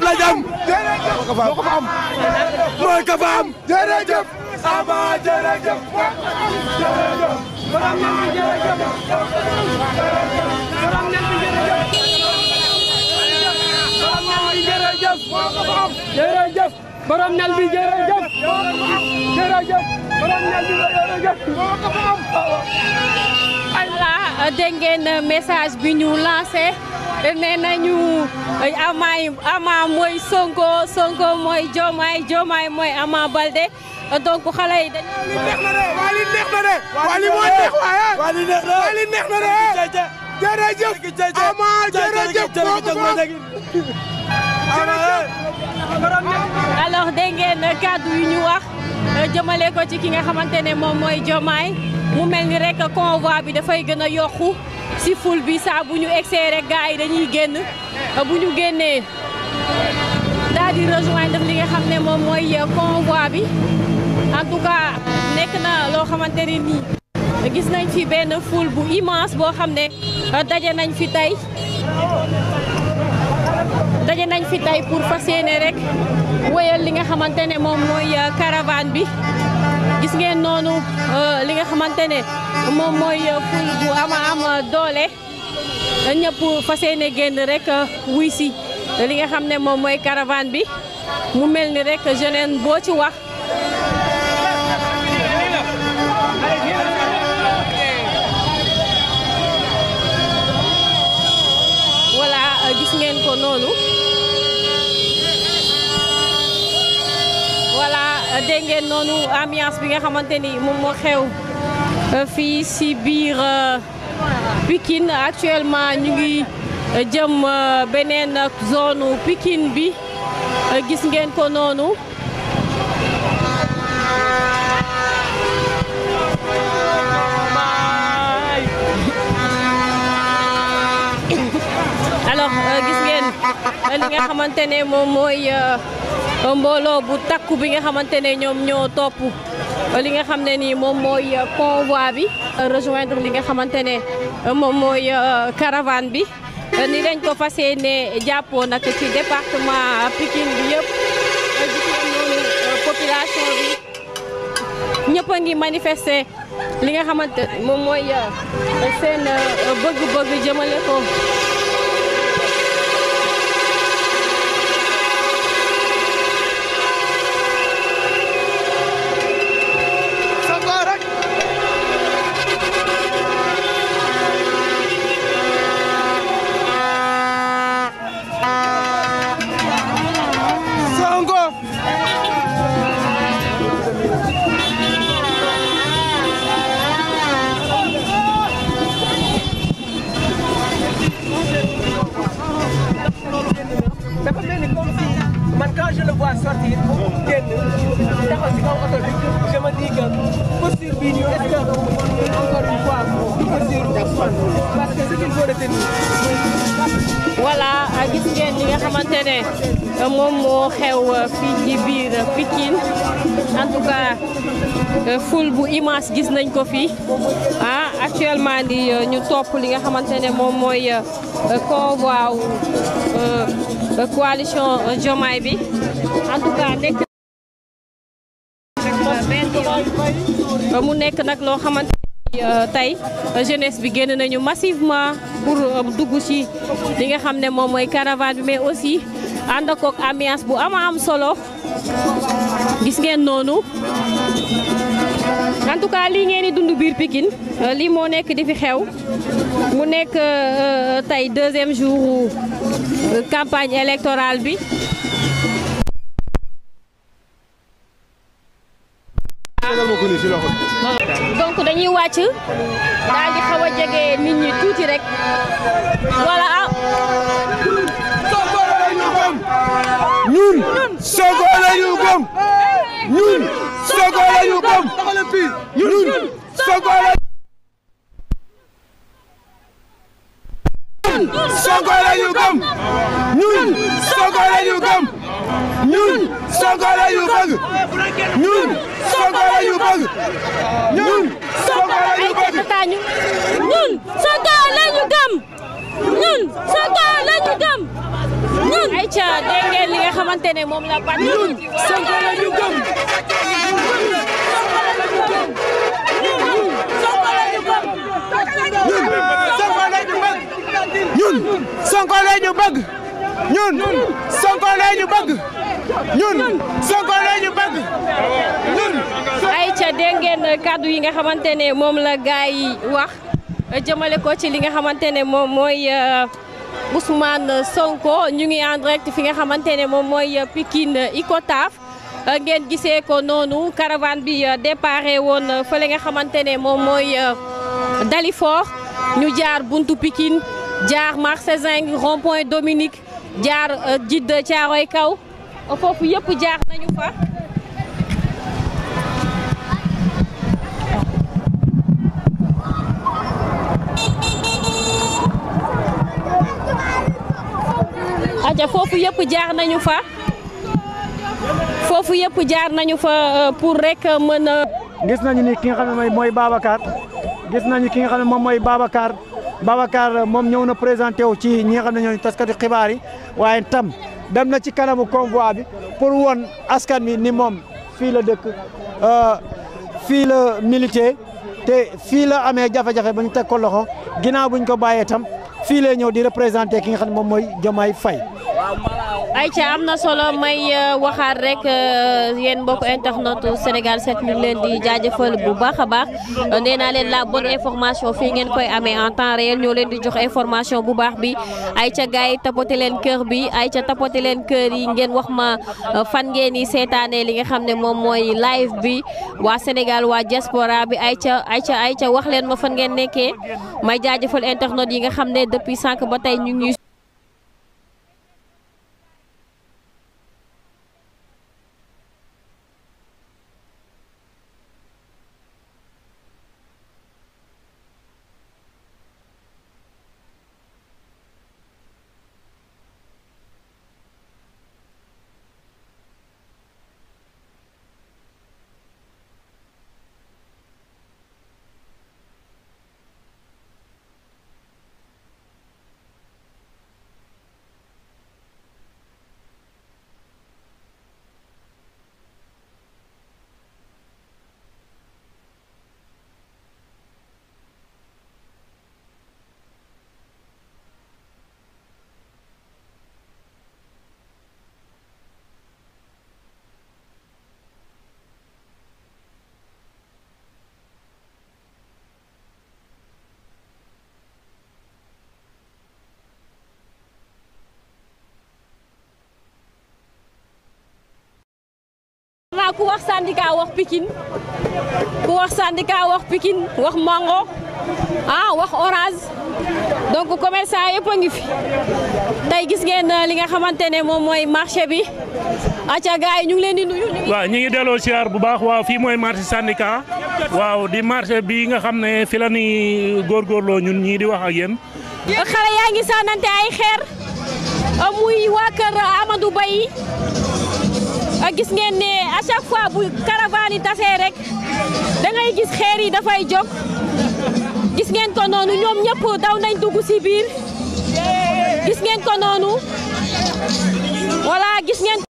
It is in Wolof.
ndam la jam moo ko fa am moo ko fa am jërëjëf Ama jërëjëf jërëjëf borom nen bi jërëjëf borom nen bi jërëjëf jërëjëf borom nen bi jërëjëf jërëjëf borom nen bi jërëjëf moo ko fa am voilà dégg ngeen message bi ñu lancé nee nañu Ama mooy Sonko Sonko mooy mooy Ama Balde donc xale yi dañu. waa li neex de waa na kàddu yu ñu wax jëmale ko ci ki nga xamante ne moom mooy Diomaye mu mel ni rek convoi bi dafay gën a yokku si ful bi saa ñu egsee rek gars yi dañuy génn. Euh, bu ñu génnee daal di rejoindre li nga xam ne moom mooy euh, convoi bi en nekk na loo xamante ne nii gis nañ fi benn foule bu immense boo xam ne euh, daje nañ fi tey daje nañ fi tey pour fas yéene rek wéyal li nga xamante moom mooy caravane bi gis ngeen noonu li nga xamante moom mooy foule bu ama am doole ñëpp fas yéene génn rek euh, wuy si li nga xam ne moom mooy caravane bi mu mel ni rekk jeunesse boo ci wax. voilà euh, gis ngeen ko noonu. walla euh, dégg ngeen noonu ambiance bi nga xamante ni moom moo xew fii si biir. Pikine actuellement ñu ngi euh, jëm euh, beneen zone Pikine bi euh, gis ngeen ko noonu. alors gis ngeen li nga xamante ne moom mbooloo bu takk bi nga xamante ne ñoom ñoo topp. li nga xam ne ni moom mooy euh, convoi bi euh, rejoindre li nga xamante ne euh, moom mooy caravane bi ni dañ ko fas yéene jàppoo nag fi département Pikine bi yëpp gis noonu population bi ñëpp a ngi manifester li nga xamante moom mooy seen bëgg-bëgg jëmale ko posture bii nii est-ce gis ngeen li nga xamante moom moo xew fii ci biir Pikine en bu immense gis nañ ko fii ah actuellement di euh, ñu topp li nga xamante ne moom mooy euh, convoi wu euh, coalition Diomaye bi en nekk mu nek nak tay, xamanteni euh, tay jeunesse bi genn nañu massivement pour euh, dugg ci li nga xamne mom moy caravane bi mais aussi andako ak ambiance bu ama am solo gis ngeen nonu en tout cas li ngeen di dund bir Pikine euh, li mo nek di fi xew mu nek tay deuxième jour campagne électorale bi tegal ma ko nii si loxo donc dañuy wàcc daal di xaw a jege nit ñi tuuti rek voilà. Sonko la ñu bëgg ñun Sonko la ñu bëgg ñun Sonko la ñu bëgg ñun Sonko la ñu gëm ñun Sonko la ñu gëm ñun ayca dégg ngeen li nga xamante ne moom la parti ñun Sonko la ñu gëm ñun Sonko la ñu bëgg ñun Sonko la ñu bëgg ñun Sonko la ñu bëgg ñun. ayca dégg ngeen kàddu yi nga xamante ne moom la gaay yi wax jëmale ko ci li nga xamante ne moom mooy euh, Ousmane Sonko ñu ngi en fi nga xamante ne moom mooy Pikine Icotaf euh, ngeen gisee ko noonu caravane bi euh, déparé woon fa fële nga xamante ne moom mooy Dalifort ñu jaar buntu Pikine jaar marché Zinc rond-point Dominique jaar Djiddah Thiaroye Kaw. foofu yëpp jaar nañu fa aja foofu yëpp jaar nañu fa foofu yëpp jaar nañu fa euh, pour rek mën a gis nañu ni ki nga xam ne mooy mooy Babacar gis nañu ki nga xam ne moom mooy Babacar Babacar euh, moom ñëw na présenté wu ci ñi nga xam ne ñooñu taskati xibaar yi waaye tam dem na ci kanamu convoi bi pour won askan wi ni moom fii la dëkk euh, fii la milité te fii la amee jafe-jafe ba ñu teg ko loxo ginnaaw bu ñu ko bàyyee tam fii lay ñëw di représenté ki nga xam ne moom mooy Diomaye Faye ay ci amna solo may euh, waxar rek euh, yeen mbokk internet Senegal 7 ñu leen di jaajëfal bu baax baax neena naa leen la bonne information fi ngeen koy amé en temps réel ñoo leen di jox information bu baax bi ay ci gaay tapoté tapote leen kër bi ay ci tapoté leen kër yi ngeen wax ma euh, fan ngeen ni sétané li nga xamné ne moy live bi wa Senegal wa diaspora bi ay ci ay ci ay ci wax leen ma fan ngeen nekké may jaajëfal internet yi nga xamné ne depuis sank ba tay ñu ngi ku wax sandika wax Pikine ku wax sandika wax Pikine wax mango ah wax orange donc commerçant yepp a ngi fi tay gis ngeen euh, li nga xamantene mom moy marché bi acha gaay ñu ngi leen di nuyu. wa ñi ngi delo ciar bu baax wa fi moy marché sandika waaw di marché bi nga xamne fi la ni lo ñun ñi di wax ak yeen xala yaangi sanante ay xeer amuy wa keur Amadou baye a gis ngeen ne à chaque fois bu caravane yi rek da ngay gis xeer yi dafay jóg gis ngeen ko noonu ñoom ñëpp daw nañ dugg ci biir gis ngeen ko noonu voilà gis ngeen